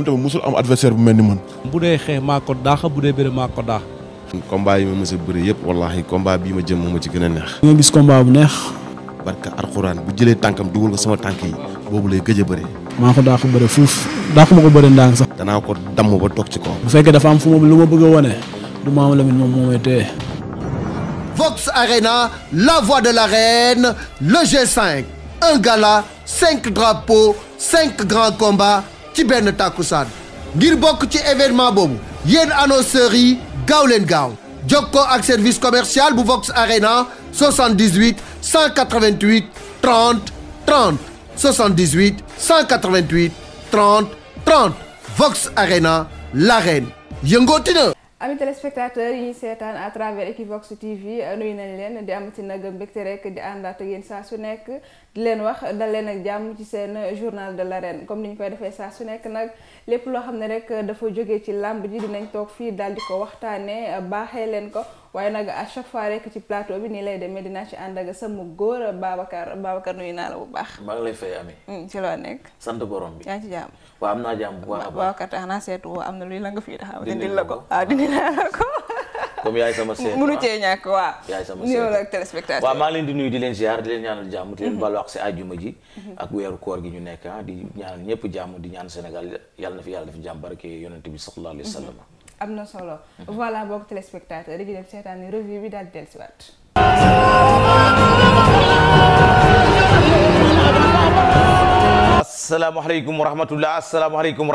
moom tamit mosul am adversaire bu mel ni man. bu dee xeex maa ko daax bu dee bëre maa ko daax. combat yi ma mës a bëri yëpp wallaahi combat bii ma jëm moo ma ci gën a neex. nga gis combat bu neex. barka alxuraan bu jëlee tànkam dugal ko sama tànk yi boobu lay gëj a bëri. maa ko daax bëri fuuf daax ko bëri ndànk sax. danaa ko damm ba toog ci kaw. a la voix de l'arène le G5 un gala cinq drapeaux cinq ci benn tàkkusaan ngir bokk ci événement boobu yéen annonceurs yi gaaw leen gaaw jokkoo ak service commercial bu Vox Arena 78 188 30 30 78 188 30 30 Vox Arena l'arène yëngooti na. ami téléspectateurs yi ñu seetaan à travers Equivox TV nuyu nañ leen di amati nagam mbégte rek di àndaat ak yéen saa su nekk. di leen wax dal leen ak jàmm ci seen journal de l'arène comme ni ñu koy defee saa su nekk nag lépp loo xam ne rek dafa jógee ci làmb ji dinañ toog fii daal di ko waxtaanee baaxee leen ko waaye nag à chaque fois rek ci plateau bi nii lay demee dinaa ci ànd ak sama góor Babacar Babacar nuyu naa la bu baax. maa ngi lay fay amee. Hmm, ci loo nekk. sant borom bi yaa ngi ci jàmm. waaw am naa jàmm bu baax a naa seetu am na luy la nga fii taxaw. dindi la ko waaw ah, dindi la ko. comme yaay sama seen ah. maa leen di nuyu di leen ziar di leen ñaanal jàmm di leen wax mhm. si àjjuma ji mhm. ak weeru koor gi ñu nekk ah, di ñaanal ñëpp jàmm di ñaan Sénégal yàlla na fi yàlla def jàmm barke yonent bi sallallahu alayhi mhm. am na solo voilà boog téléspectateur dañuy dem seetaan ni bi daal di dellusiwaat asalaamaaleykum wa rahmatullah asalaamaaleykum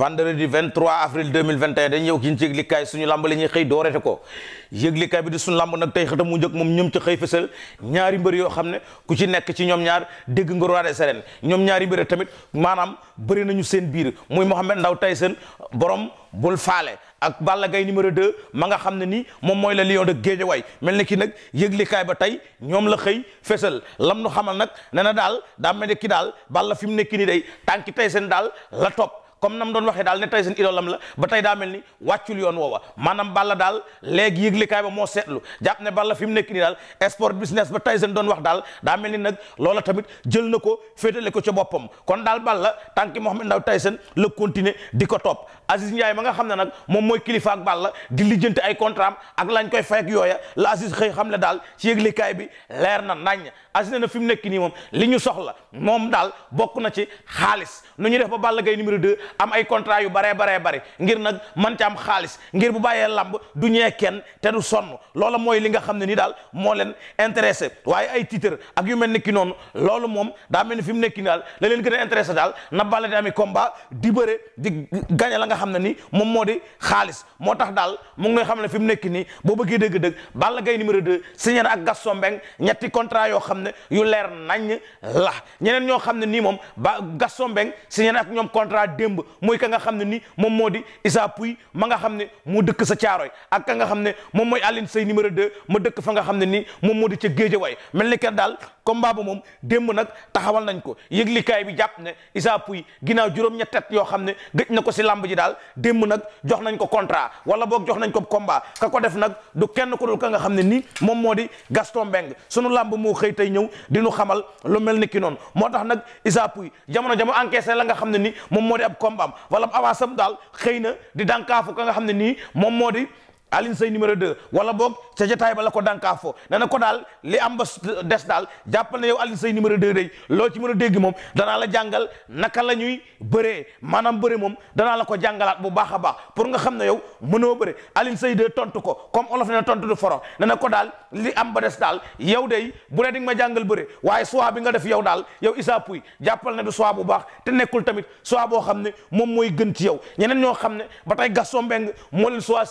vendredi 23 avril 2021 dañ yow kiñ ci yëglikaay suñu lamb la ñuy xëy doorete ko yëglikaay bi di suñu lamb nag tey xëtam mu njëkk moom ñoom ci xëy fësal ñaari mbër yoo xam ne ku ci nekk ci ñoom ñaar dégg nga roi des arènes ñoom ñaari mbër tamit maanaam bëri nañu seen biir muy ndaw tey seen borom bul faale ak Balla gay numéro 2 ma nga xam ne nii moom mooy la lion de waay mel ni ki nag yëglikaay ba tey ñoom la xëy fësal lam nu xamal nag ne na daal daa mel ne ki Balla fi mu nekk nii day tànki Tyson daal la topp comme nam doon waxee daal ne tey seen idoolam la ba tey daa mel ni wàccul yoon woowa maanaam Balla daal léegi yëglikaay ba moo seetlu jàpp ne Balla fi mu nekk nii daal sport business ba tey seen doon wax daal daa mel ni nag loola tamit jël na ko féetale ko ca boppam kon daal Balla tànki Mohamed Ndaw tey seen la continuer di ko topp Aziz Ndiaye ma nga xam ne nag moom mooy kilifa ak Balla di lijjanti ay contrat ak lañ koy fay ak yooya la Aziz xëy xam le daal ci yëglikaay bi leer na nañ Aziz ne na fi mu nekk nii moom li ñu soxla moom daal bokk na ci xaalis nu ñu def ba Balla Gaye numéro 2 am ay contrat yu baree baree bari ngir nag man ca am xaalis ngir bu bàyyee lamb du ñee kenn te du sonn loola mooy li nga xam ne ni daal moo leen intéressé waaye ay titre ak yu mel ni noonu loolu moom daa mel ni fi mu nekk nii daal la leen gën a intéressé daal na Balla di ami combat di bëre di xam ne ni moom moo di xaalis moo tax daal mu ngi xam ne fi mu nekk nii boo bëggee dëgg-dëgg Balla gay numéro 2 signé na ak Gaston Mbengue ñetti contrat yoo xam ne yu leer nañ la ñeneen ñoo xam ne nii moom ba Gaston Mbengue signé na ñoom contrat démb muy ka nga xam ne ni moom moo di Issa Pouye ma nga xam ne mu dëkk sa caaroy ak ka nga xam ne moom mooy Aline numéro 2 ma dëkk fa nga xam ne nii moom moo di ca Géejawaay mel ne kat daal comme ba moom démb nag taxawal nañ ko yëglikaay bi jàpp ne Issa Pouye ginnaaw juróom-ñettet yoo xam ne gëj na ko si làmb ji daal daal démb nag jox nañ ko contrat wala boog jox nañ ko comba ka ko def nag du kenn ku dul ka nga xam ne nii moom moo di Gaston Mbengue sunu làmb moo xëy tey ñëw di nu xamal lu mel ni ki noonu moo tax nag Issa Pouye jamono jamono encaissé la nga xam ne nii moom moo di ab combam am wala avance am daal xëy na di dànkaafu ka nga xam ne nii moom moo di Alioune Seye numéro 2 wala boog ca jotaay ba la ko dànkaafoo ne na ko daal li am ba des daal jàppal na yow Alioune Seye numéro 2 day loo ci mën a dégg moom danaa la jàngal naka la ñuy bëree maanaam bëre moom danaa la ko jàngalaat bu baax a baax pour nga xam ne yow mënoo bëre Alioune Seye 2 tontu ko comme olof ne na tontu du foro ne ko daal li am ba des daal yow day bu ne di ma jàngal bëre waaye soit bi nga def yow daal yow Issa Pouye jàppal ne du soit bu baax te nekkul tamit soit boo xam ne moom mooy gën ci yow ñeneen ñoo xam ne ba tey Gaston Mbengue moo leen soit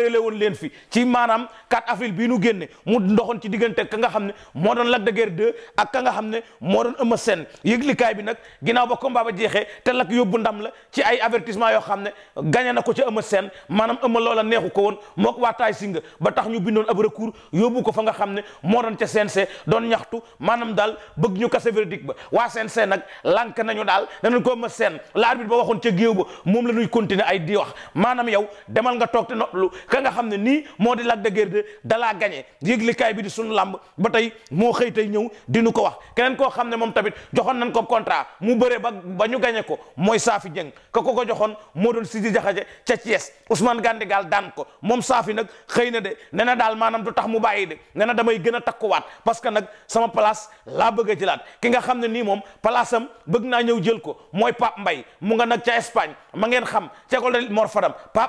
bëreele woon leen fi ci maanaam 4 avril bii nu génne mu ndoxoon ci diggante ka nga xam ne moo doon Lac de Guiers 2 ak ka nga xam ne moo doon Eumeu Sène yëglikaay bi nag ginnaaw ba combat ba jeexee te Lac yóbbu ndam la ci ay avertissement yoo xam ne gagné na ko ca Eumeu Sène maanaam Eumeu loola neexu ko woon moo ko waa taay singa ba tax ñu bindoon ab recours yóbbu ko fa nga xam ne moo doon ca CNG doon ñaxtu maanaam daal bëgg ñu kase verdict ba waa CNG nag lank nañu daal danañ ko Eumeu Sène l'arbitre ba waxoon ca géew ba moom la ñuy continuer ay di wax maanaam yow demal nga toog te noppalu ka nga xam ne nii moo di Lac de Guiers 2 dalaa gagné yëglikaay bi di sunu làmb ba tey moo xëy tey ñëw di ko wax keneen koo xam ne moom tamit joxoon nañ ko contrat mu bëre ba ba ñu ko mooy Safi Dieng ka ko joxoon moo doon Sidi Jaxaje ca Thiès Ousmane Gandigal daan ko moom Safi nag xëy na de nee daal maanaam du tax mu bàyyi de nee na damay gën a takkuwaat parce que nag sama place laa bëgg a jëlaat ki nga xam ne nii moom place bëgg naa ñëw jël ko mooy Pape mbay mu nga nag ca Espagne ma ngeen xam ca école de Mor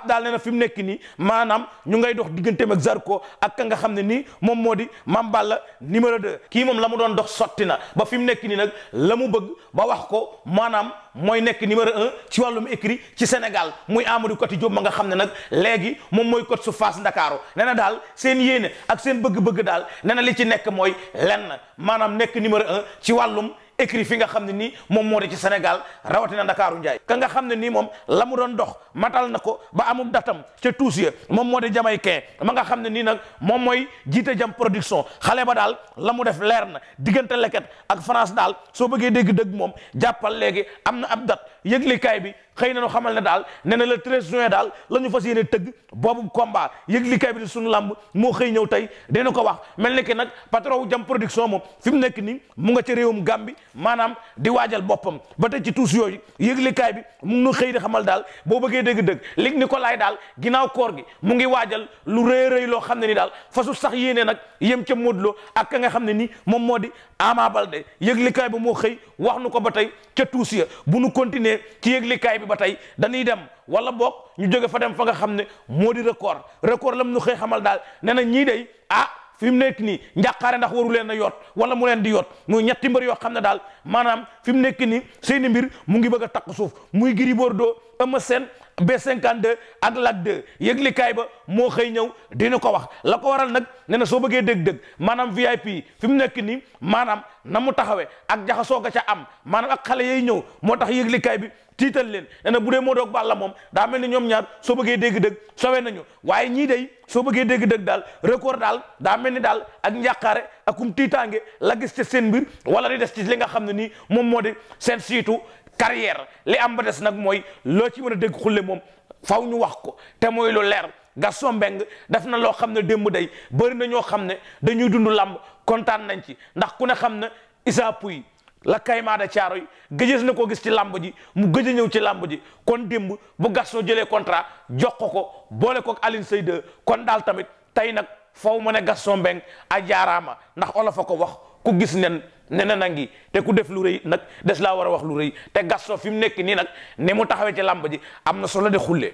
daal nee na fi nii maanaam maanaam ñu ngay dox digganteem ak Zarko ak ka nga xam ne nii moom moo di Mame Balla numéro de kii moom la mu doon dox sotti na ba fi mu nekk nii nag la mu bëgg ba wax ko maanaam mooy nekk numéro un ci wàllum écrit ci Sénégal muy Amadou Koti Diop ma nga xam ne nag léegi moom mooy coach su Fass Ndakaaru nee daal seen yéene ak seen bëgg-bëgg daal nee li ci nekk mooy lenn maanaam nekk numéro un ci wàllum écrit fi nga xam ne nii moom moo di ci Sénégal rawatina Ndakaaru Njaay ka nga xam ne nii moom la mu doon dox matal na ko ba amum datam ca tuus ya moom moo di Jamaïcain ma nga xam ne nii nag moom mooy jiite jam production xale ba daal la mu def leer na diggante leket ak France daal soo bëggee dégg dëgg moom jàppal léegi am na ab dat yëglikaay bi xëy na ñu xamal na daal nee na le 13 juin daal la ñu fas yéene tëgg boobu combat yëglikaay bi di sunu làmb moo xëy ñëw tey dina ko wax mel ni ki nag patron jam production moom fi mu nekk nii mu nga ca réewum Gàmbi maanaam di waajal boppam ba tey ci tuus yooyu yëglikaay bi mu ngi nu xëy di xamal daal boo bëggee dëgg-dëgg lig ni ko laay daal ginnaaw koor gi mu ngi waajal lu rëy rëy loo xam ne ni daal fasu sax yéene nag yem ca Modou Lo ak ka nga xam ne ni moom moo di Ama Baldé yëglikaay bi moo xëy wax nu ko ba tey ca tuus bu nu continuer li yëglikaay bi ba tey dañuy dem wala boog ñu jóge fa dem fa nga xam ne moo di record record lam nu xëy xamal daal nee na ñii day ah fi mu nekk nii njàqaare ndax waru leen a yoot wala mu leen di yot muy ñetti mbër yoo xam ne daal maanaam fi mu nekk nii seeni mbir mu ngi bëgg a takk suuf muy Gris Bordeaux Eumeu Sène B52 ak LAC 2 yëglikaay ba moo xëy ñëw dina ko wax la ko waral nag nee na soo bëggee dëgg-dëgg maanaam VIP fi mu nekk nii maanaam na mu taxawee ak jaxasoo ga ca am maanaam ak xale yay ñëw moo tax yëglikaay bi tiital leen nee na bu dee moo doog Balla moom daa mel ni ñoom ñaar soo bëggee dégg-dëgg sowe nañu waaye ñii day soo bëggee dégg-dëgg daal record daal daa mel ni daal ak njàqaare akum tiitaange la gis ci seen mbir wala di des ci li nga xam ne nii moom moo di seen siitu carrière li am ba des nag mooy loo ci mën a dégg xulle moom faw ñu wax ko te mooy lu leer Gaston Mbengue def na loo xam ne démb day bëri na ñoo xam ne dañuy dund làmb kontaan nañ ci ndax ku ne xam na Issa Pouye la kaymaa da caaro yi gëjës na koo gis ci làmb ji mu gëj a ñëw ci làmb ji kon démb bu Gaston jëlee contrat jox ko ko boole ko alin Alioune kon daal tamit tey nag faw mu ne Gaston Mbengue a jaaraama ndax olof a ko wax ku gis nen ne na nangi te ku def lu rëy nag des laa war a wax lu rëy te Gaston fi mu nekk nii nag ne mu taxawee ci làmb ji am na solo de xulle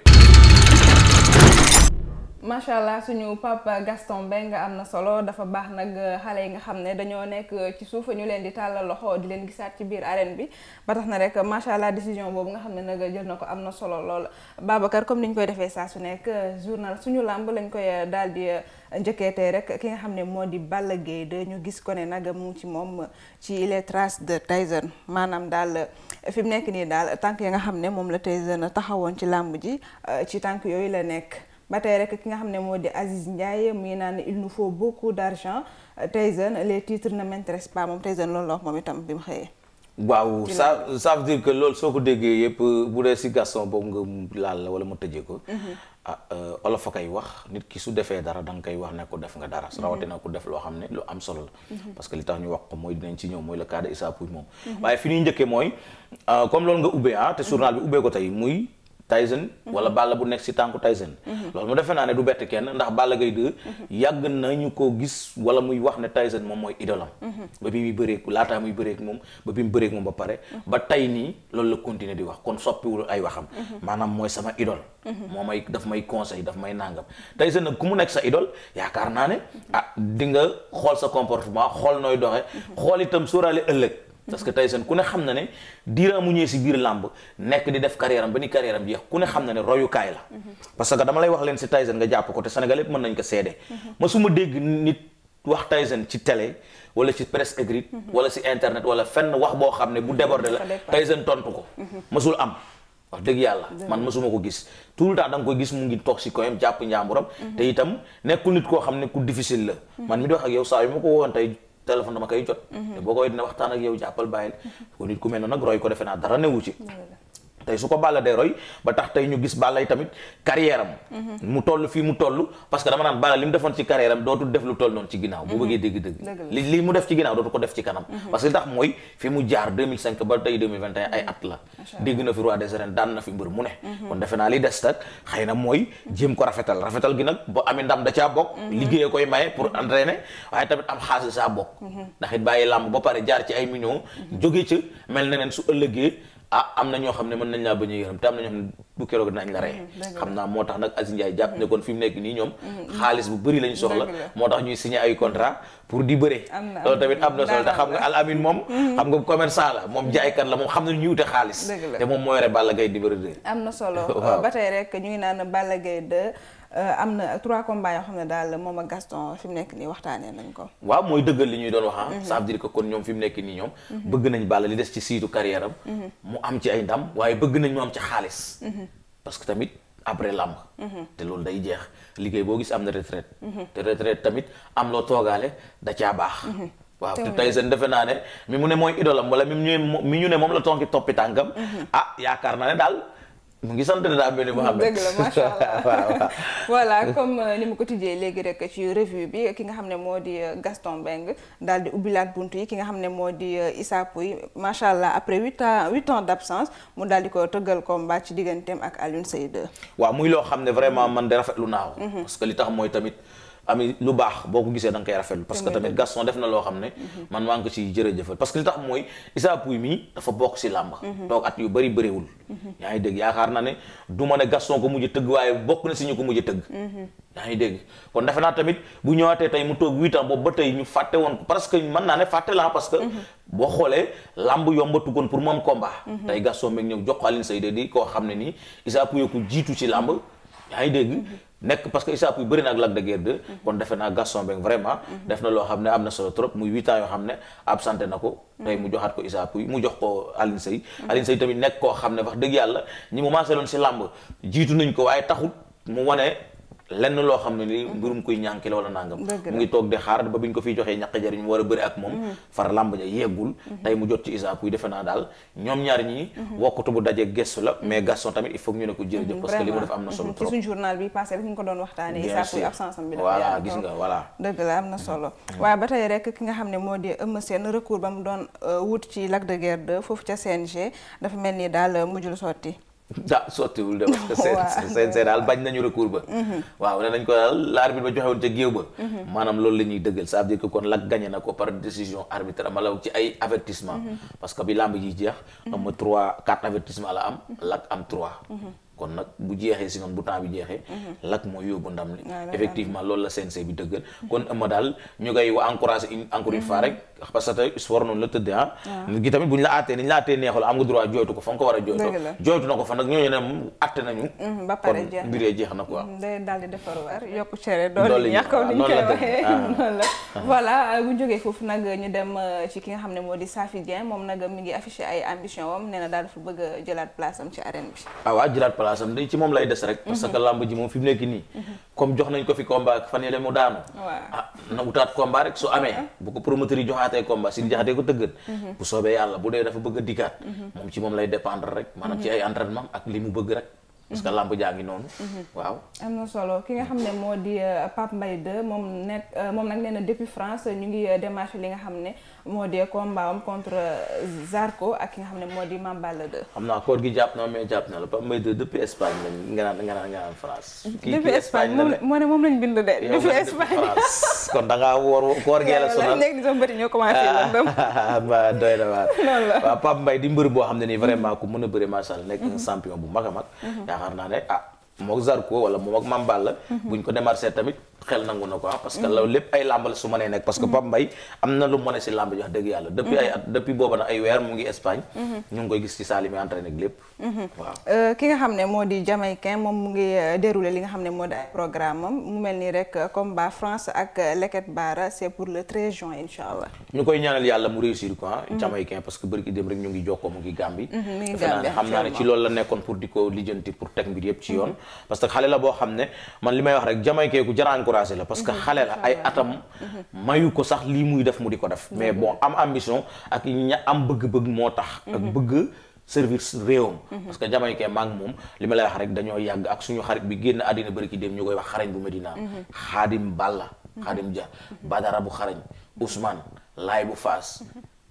macha allah suñu papa Gaston Mbengue am na solo dafa baax nag euh, xale yi nga xam ne dañoo nekk euh, ci suuf a ñu leen di tàllal loxo di leen gisaat ci biir arène bi ba tax na rek macha allah décision boobu nga xam ne nag jël na ko am na solo lool Babacar comme ni ñu koy defee saa su nekk euh, journal suñu làmb lañ koy daal di njëkkeetee rek ki nga xam ne moo di Balla Gaye 2 ñu gis ko ne nag mu ci moom ci les traces de Tyson maanaam daal fi mu nekk nii daal tànk yi nga xam ne moom la na taxawoon ci làmb ji ci tànk yooyu la nekk. ba tey rek ki nga xam ne moo di Aziz Ndiaye muy naan il nous faut beaucoup d' argent Tyson les titres ne m'intéressent pas moom Tyson loolu la wax moom itam bi mu xëyee. waaw sa sa veut dire que loolu soo ko déggee yëpp bu dee si garçon boobu nga laal la wala ma tëjee ko. Mhm. ah euh, olof a koy wax nit ki su defee dara da nga wax ne ko def nga dara. Mhm. rawatina ko def loo xam ne lu am solo la. Mhm. parce que li tax ñu wax ko mooy dinañ ci ñëw mooy le cas de Issa Pouye moom. waaye fi ñuy njëkkee mooy euh, comme loolu nga ubbee ah te journal ko tey muy. Tyson mhm. wala Balla bu nekk ci tànku Tyson mhm. loolu mu defe naa ne du bett kenn ndax Balla Gaye 2 mhm. yàgg nañu ko gis wala muy wax ne Tyson moom mooy idolam ba bi muy bëreek laataa muy bëreek moom ba bi mu bëreek moom ba pare ba tey nii loolu la continuer di wax kon soppiwul ay waxam maanaam mooy sama idole moo may daf may conseil daf may nangam Tyson nag ku mu nekk sa idole yaakaar naa ne ah di nga xool sa comportement xool nooy doxe xool itam sóoraale ëllëg parce que Tyson ku ne xam na ne diiraa mu ñëwee si biir làmb nekk di def carrière am ba ni carrière am jeex ku ne xam na ne royukaay la. parce que dama lay wax leen si Tyson nga jàpp ko te Sénégal mën nañ ko seede. ma su ma dégg nit wax Tyson ci télé wala ci presse écrite. wala si internet wala fenn wax boo xam ne bu débordé la Tyson tontu ko. masul am. wax dëgg yàlla man mësuma ko gis tout le temps da nga koy gis mu ngi toog si koyam jàpp njàmburam mhm. te itam nekkul xam ne ku difficile la mhm. man mi di wax ak yow téléphone dama koy jot. Mhm. boo koy dina waxtaan ak yow jàppal bàyyil. ko mhm. nit ku mel noonu nag roy ko defe naa dara newu ci. tey su ko Balla day roy ba tax tey ñu gis Balla tamit carrière mhm. mu toll fii mu toll parce dama naan Balla li mu defoon ci carrière am def lu toll noonu ci ginnaaw bu mhm. bëggee dégg-dëgg li mu def ci ginnaaw dootu ko def ci kanam mhm. parce tax mooy fi mu jaar ba tey ay at la dégg na fi roi des arènes daan na fi mbër mu ne kon defe naa li des nag xëy na mooy jéem ko rafetal rafetal gi nag ba amee ndam da caa bokk liggéeye koy maye pour entraîner ah am na ñoo xam ne mën nañ laa bañ a yërëm te am na ñoo xam ne bu keroog dinañ la rey mm-hmm, xam naa moo tax nag Aziz jàpp ne mm-hmm. kon fi nekk nii ñoom mm-hmm. xaalis bu bëri lañ soxla moo tax ñuy signé ay contrat pour di bëre loolu tamit am na solo te xam nga Al moom xam nga commerçant la moom jaaykat la moom xam na ñu wute xaalis te moom moo yore Balla Gaye di bëre am na solo ba tey rek ñu naan Balla Gaye de Euh, am na trois combats yoo xam ne daal moom ak Gaston fi mu nekk nii waxtaanee nañ ko. waaw mooy dëggal li ñuy doon wax ah. Mhm. ça veut dire que kon ñoom fi mu nekk nii ñoom. Mhm. bëgg nañ Balla li des ci siitu carrière am. Mhm. mu am ci ay ndam waaye bëgg nañ mu am ci xaalis. parce que tamit après làmb. te loolu day jeex liggéey boo gis am na retraite. te retraite tamit am loo toogaale da caa baax. waaw te tey seen defe naa ne mu ne mooy idolam wala mi ñu ne mi ñu ne moom la tonki toppi tànkam. Ah, daal. mu ngi sant daa mel ni Mouhamed dëgg la macha allah voilà comme euh, ni mu ko tijjee léegi rek ci revue bi ki nga xam ne moo di euh, Gaston Mbengue daal di ubbilaat bunt yi ki nga xam ne moo di euh, Issa yi macha allah après huit ans huit ans d' absence mu daal di ko tëggal combat ci digganteem ak Alioune Seye waa muy loo xam ne vraiment man de rafetlu naa ko. Mhm. parce li tax mooy tamit. am lu baax boo ko gisee da nga rafet rafetlu parce que tamit Gaston def na loo xam ne mhm. man maa ngi ko ci jërëjëfal parce que li tax mooy Issa Pouye mii dafa bokk si làmb mhm. toog at yu bëri bëriwul mhm. yaa ngi dégg yaakaar na ne du ma ne Gaston ko mujj tëgg waaye bokk na si ñu ko mujj tëgg yaa ngi dégg kon defe naa tamit bu ñëwaatee tey mu toog huit ba tey woon ko parce que mën naa ne fàtte la parce que boo xoolee làmb yombatu koon pour man combat tey Gaston meeg ñëw jox ko Alioune Seye koo xam ne nii Issa Pouye ko jiitu ci làmb yaa ngi dégg nekk parce que Issa Pouye bëri na ak Lac de Guiers de mhm. kon defe naa Gaston Mbengue vraiment mhm. def na loo xam ne am na solo trop muy huit ans yoo xam ne absenté na ko mhm. tey mu joxaat ko Issa Pouye mu jox ko Alioune Seye Alioune Seye tamit nekk koo xam ne wax dëgg yàlla ñi mu maasee loon si làmb jiitu nañ ko waaye taxul mu wane lenn loo xam ne ni mbirum kuy ñànki la wala nangam mu ngi toog di xaar ba biñ ko fiy joxee ñaq jariñ mu war a bëri ak moom mm-hmm. far làmb yeggul mm-hmm. tey mu jot ci Isa Pouye defe naa daal ñoom ñaar ñi mm-hmm. wokkutu bu daje gestu la mais Gaston tamit il faut ñu ne ko jërëjëf def am na solo trop ci suñu journal bi passé rek ñu ko doon waxtaanee Isa Pouye absence am bi waaye ba tey rek ki nga xam ne moo di Eumeu Sène recours ba mu doon euh, wut ci Lac de Guiers 2 foofu ca CNG dafa mel ni daal mujjul sotti ah sottiwul de parce que seen seen seen daal bañ nañu recours ba mhm. waaw ne nañ ko ba joxewoon ca géew ba mhm. maanaam loolu la dëggal ça veut kon lak gagné na ko par décision arbitrale mala ci ay avertissement mhm. parce que bi làmb ji jeex am trois quatre avertissement la am lak am trois kon nag bu jeexee si noonu bu temps bi jeexee mhm. lak mooy yóbbu ndam li effectivement loolu la CNC bi dëggal kon ëmma daal ñu koy wa encouragé encore mhm. rek parce que sport noonu la tëddee gi ah. tamit bu ñu la àttee a jooytu na ko fa nag ñooñu ne moom nañu mhm, ba pare jeex mm, di defar war yokku ah. ah. nag euh, moom nag mi ngi affiché ay ambition am nee daal dafa bëgg a jëlaat place ci arène bi place am ci moom lay des rek parce que mhm. lamb ji moom fi nekk nii mhm. comme jox nañ ko fi combat fan yële mu daanu ah na utaat combat rek su amee bu ko promoteur joxaatee combat si jaxatee ko tëggat mhm. bu soobee yàlla bu dee dafa bëgg a dikkaat moom ci moom lay dépendre rek maanaam ci ay entraînement ak li mu bëgg rek parce que làmb jaa ngi mhm. waaw am solo ki nga xam ne moo di euh, Pape Mbaye 2 moom nekk euh, moom nag nee na depuis France ñu ngi euh, démarché li nga xam ne moo di combat am contre Zarco ak ki nga xam ne moo di Mamballa 2. xam naa koor gi jàpp na mais na la Pape Mbaye 2 depuis Espagne lañ nga naan nga naan France. depuis Espagne moo ne moom lañu bind de. depuis Espagne kon da ngaa woor koor gee la sonal léegi sama bëri ñoo commencé lëndëm. doy na waar. loolu la waaw Pape Mbaye di mbër boo xam ne nii mhm. vraiment ku mën a bëre macha allah nekk mhm. champion bu mag a mag. yaakaar naa ne ah moom ak Zarko wala moom ak Mame ko mhm. buñ ko démarché tamit xel nangu na quoi ah, parce que mm-hmm. loolu lépp ay làmb su ma nee nekk parce que mm-hmm. Pape Mbaye am na lu mu mën si làmb ji dëgg yàlla depuis ay mm-hmm. at depuis booba nag ay weer mu ngi Espagne ñu ngi koy gis euh, euh, li nga xam ne moo di ay programme mu mel nii rek euh, combat France ak Leket Bara c'est pour le 13 juin insha allah ñu koy ñaanal yàlla mu réussir quoi ah, jamaïcain parce que bëri dem rek ñu ngi jokkoo mu ngi Gambie defe naa ne xam naa ne ci loolu la nekkoon pour di ko encouragé la parce que mhm. xale la ay atam mayu ko sax lii muy def mu di ko def mais mhm. bon am ambition ak ña am bëgg-bëgg moo tax ak mhm. bëgg service réewam parce que jamono kee maa moom li ma lay wax rek dañoo yàgg ak suñu xarit bi génn àddina bëri ki dem ñu koy wax xarañ bu Medina Xaadim Balla Xaadim Dia Badara bu xarañ Ousmane Laay bu Faas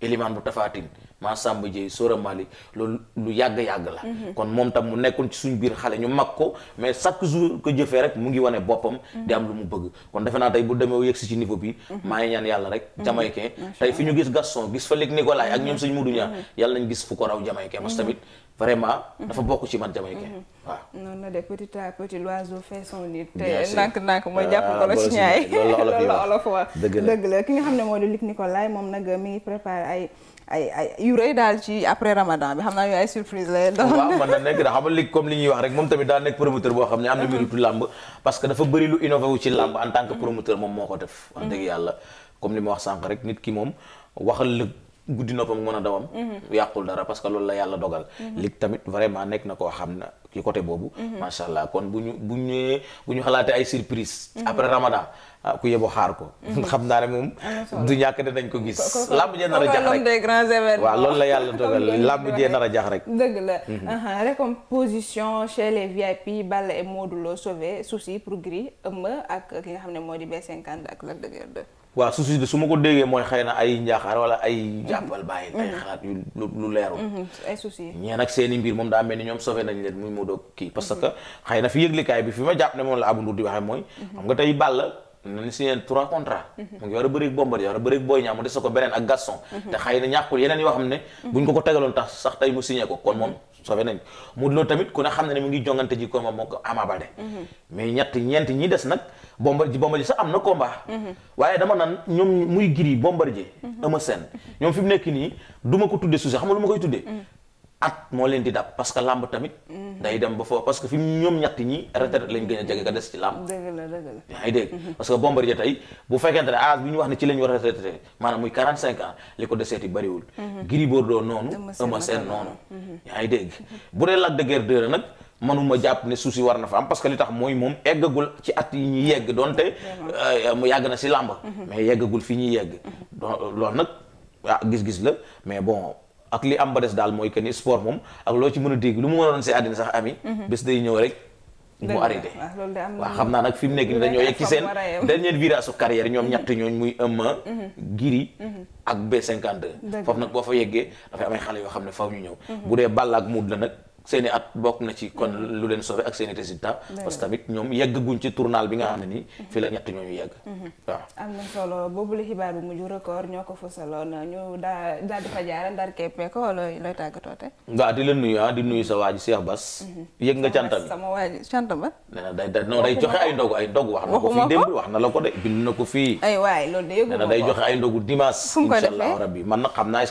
Eliman bu Tafatin maa Samba Dieye Sora Mali loolu lu yàgg-yàgg la mhm. kon moom tam mu nekkoon ci suñu biir xale ñu mag ko mais chaque jour ko jëfee rek mu ngi wane boppam mhm. di am lu mu bëgg kon defe naa tey bu demee yegg ci niveau bi mhm. maa ñaan yàlla rek jamaïcain tey fi ñu gis Gaston gis fa Luc Nicolaï ak ñoom suñ mudu ñaar yàlla nañ gis fu ko raw jamaïcain parce que tamit vraiment dafa bokk ci man jamaïcain waaw noonu la de petit à petit l'oiseau fait son nid te ndànk ndànk mooy ah, jàpp ko la ci ñaay loolu la olof wax dëgg la ki nga xam ne moo di Luc Nicolaï moom nag ay ay yu rëy daal ci après Ramadan bi xam naa yooyu ay surprise la. waaw mën na nekk da xam nga comme li ñuy wax rek moom tamit daa nekk promoteur boo xam ne am na mbirutu làmb parce que dafa bëri lu innové wu ci làmb en tant que promoteur moom moo ko def. wax dëgg mm-hmm. yàlla comme li ma wax sànq rek nit ki moom waxal guddi noppam mën a dawam mhm. yàqul dara parce que loolu la yàlla dogal mhm. lig tamit vraiment nekk na koo xam na ci côté boobu mhm. macha allah kon bu ñu bu ñu bu ñu xalaatee ay surprise après ramadan ah, ku yeboo xaar ko xam naa ne moom du ñàkk dinañ ko gis làmb de nar a jax rek waaw loolu la yàlla dogal làmb a jax rek dëgg la recomposition chez les VIP Balla et Modou Lo sauvé souci pour Gris Eumeu ak ki nga xam ne moo di B50 ak la de Guiers 2 waaw su su su ma ko déggee mooy xay na ay njaaxaar wala ay jàppal bàyyi mm-hmm. lu leerul mm-hmm. ay soucis ñee nag seen i mbir moom daa mel ni ñoom sauvé nañ leen muy mu doog kii parce que mm-hmm. xëy na fi yëglikaay bi fi ma jàpp ne moom la Abou Ndour di waxee mooy xam nga tey bàll nañ signé trois contrats mu ngi war a bëri Bombardier war a bëri Boy Niang mu des ko beneen ak Gaston te xëy na ñàkkul yeneen yoo xam ne buñ ko ko tegaloon tax sax tey mu signé ko kon moom sauvé nañ Modou Lo tamit ku ne xam ne ne mu ngi jongante ji combat moom ko Ama Baldé mhm. mais ñett ñeent ñi des nag Bombardier Bombardier sax am na combat mhm. waaye dama naan ñoom muy Gris Bombardier mhm. Eumeu Sène ñoom fi nekk nii du ma ko tudde sujet xam nga lu ma koy tuddee at moo leen di dab parce que làmb tamit. Mhm. day dem ba foofu parce que fi ñoom ñett ñi retraite lañ gën a jege ka des ci làmb. dëgg la dëgg la dégg. Mhm. parce que Bombardier tey bu fekkente ne âge ñu a retraité maanaam muy 45 mhm. manuma jàpp ne suuf war na fa am li tax mooy moom eggagul ci at yi ñuy yegg donte euh, mu yàgg na si làmb mais yeggagul fi ñuy yegg. loolu nag ah gis-gis la mais bon. ak li am ba des daal mooy que ni sport moom ak loo ci mën a dégg lu mu mënoon si àddina sax ami mhm. bés day ñëw rek mu arrêté waaw xam naa nag fi mu nekk ni dañoo yegg ci seen dernier virage su carrière ñoom mhm. ñett ñooñ muy Eumeu mhm. Gris ak B52 foofu nag boo fa yeggee dafay amay xale yoo xam ne faw ñu ñëw bu dee Balla ak Modou la nag seeni at bokk na ci kon lu leen sauvé ak seeni résultat parce tamit ñoom yeggaguñ ci tournal bi nga xam ne nii mhm. fi la ñett ñooñu yegg mhm. waaw am na solo boobu la xibaar bu mujj record ñoo ko fësaloon ñu daal di fa jaara ndar keppee ko looy tàggatoote waaw di la nuyu ah di nuyu sa waa ji Cheikh Bass mhm. yëg nga canta bi sama waa ji canta ba nee na day non day joxe ay ndogu ay ndogu wax na ko fii démb wax na la ko de bind na ko fii ay waay loolu de yëgu nee na day joxe ay man na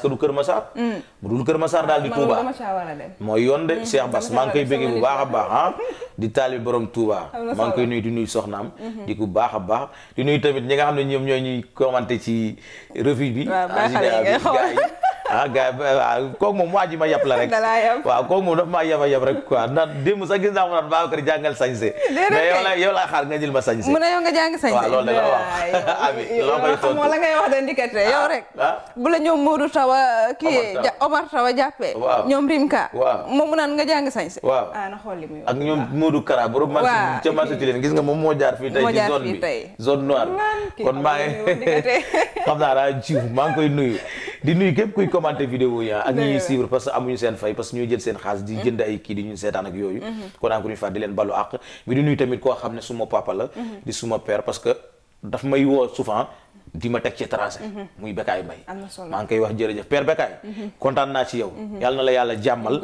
xam Cheikh Bass maa ngi koy bëggee bu baax a baax ah di taalibe borom Touba maa ngi koy nuyu di nuyu soxnaam mhm. di ko baax a baax di nuyu tamit ñi nga xam ne ñoom ñoo ñuy koomante ci revue bi agida bi gars ah gars waaw kooku moom waa ji ma yab la rek. waaw kooku moom dafa maa yab a yab rek quoi na démb sax gis naa mu naan Babacar jàngal sañse. mais yow la yow laa xaar nga jël ma sañse. mu ne yow nga jàng sañse. waaw loolu de la wax Ami loo koy tontu yow la ngay wax de ndikete yow rek. bu la ñoom Modou Tawa kii Omar Tawa jàppee. waaw ñoom Rimka. waaw moom mu naan nga jàng sañse. waaw ah na xool li muy ak ñoom Modou Kara borom man ca marché ci leen gis nga moom moo jaar fii tey ci zone bi zone noire kon maa ngi xam naa daa jiw maa ngi koy nuyu di nuyu képp kuy commenter vidéo yi ah, ak ñi ñuy suivre amuñu seen fay parce que jël seen xaalis di mm-hmm. jënd ay kii di ñu seetaan ak yooyu mm-hmm. kon encore une fois di leen balu àq mais di nuyu tamit koo xam ne suma papa mm-hmm. di suma père parce daf may woo souvent di ma teg ci tracé. Mhm. muy Bécaye Mbaye. maa ngi koy wax jërëjëf Père Bécaye. Mhm. kontaan naa ci yow. Mhm. yàlla na la yàlla jàmmal.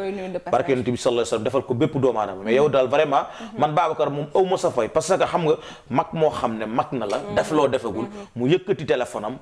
barke yonent bi sallallahu alayhi wasallam defal ko bépp doomu ma sa fay moo xam ne mag na la. loo defagul mu yëkkati téléphone am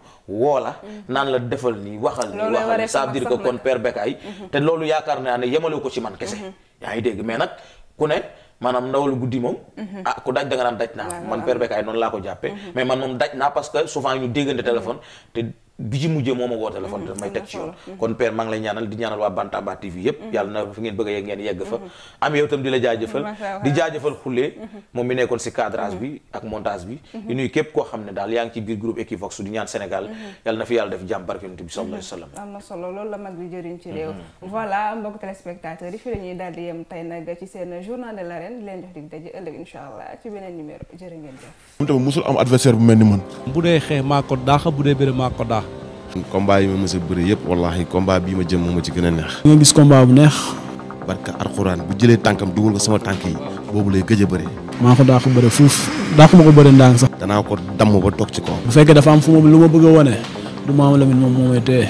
la naan la defal nii waxal. nii waxal ça veut dire que kon Père Bécaye. te loolu yaakaar naa ne yemale ko ci man kese. yaa ngi dégg mais nag ku ne. maanaam ndawalu guddi moom mhm. ah ku daj da nga daj naa man Père noonu laa ko jàppe mhm. mais man moom daj naa parce que souvent ñu déggante mhm. téléphone te bi ci mujjee moo ma woo téléphone te mhm. may teg ci yoon mhm. kon père lay ñaanal di ñaanal waa Bantamba TV yëpp mhm. yàlla na fi ngeen bëgg a yegg fa am yow itam di la jaajëfal di moom mi nekkoon si cadrage bi ak montage bi di nuyu képp koo xam ne daal yaa ngi ci biir groupe Equivox di ñaan Sénégal yàlla na fi yàlla def jàmm barke bi sallallahu alayhi la mag di jëriñ ci réew voilà mbokk téléspectateurs yi fi la ñuy daal yem tey nag ci seen journal de l'arène di leen combat yi ma mës a bëri yëpp wallaahi combat bii ma jëm moo ma ci gën a neex. nga gis combat bu neex. barka alxuraan bu jëlee tànkam dugal ko sama tànk yi boobu lay gëj a bëri. maa ko daa ko fuuf daa ma ko bëri ndànk sax. danaa ko damm ba toog ci kaw. bu fekkee dafa am fu ma lu ma bëgg a wane du ma am Lamine moom moo may téye.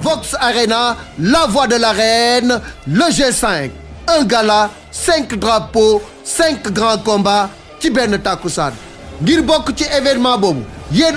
Vox la voix de l'arène le G5 un gala cinq drapeaux cinq ci benn takkusaan ngir bokk ci événement boobu yéen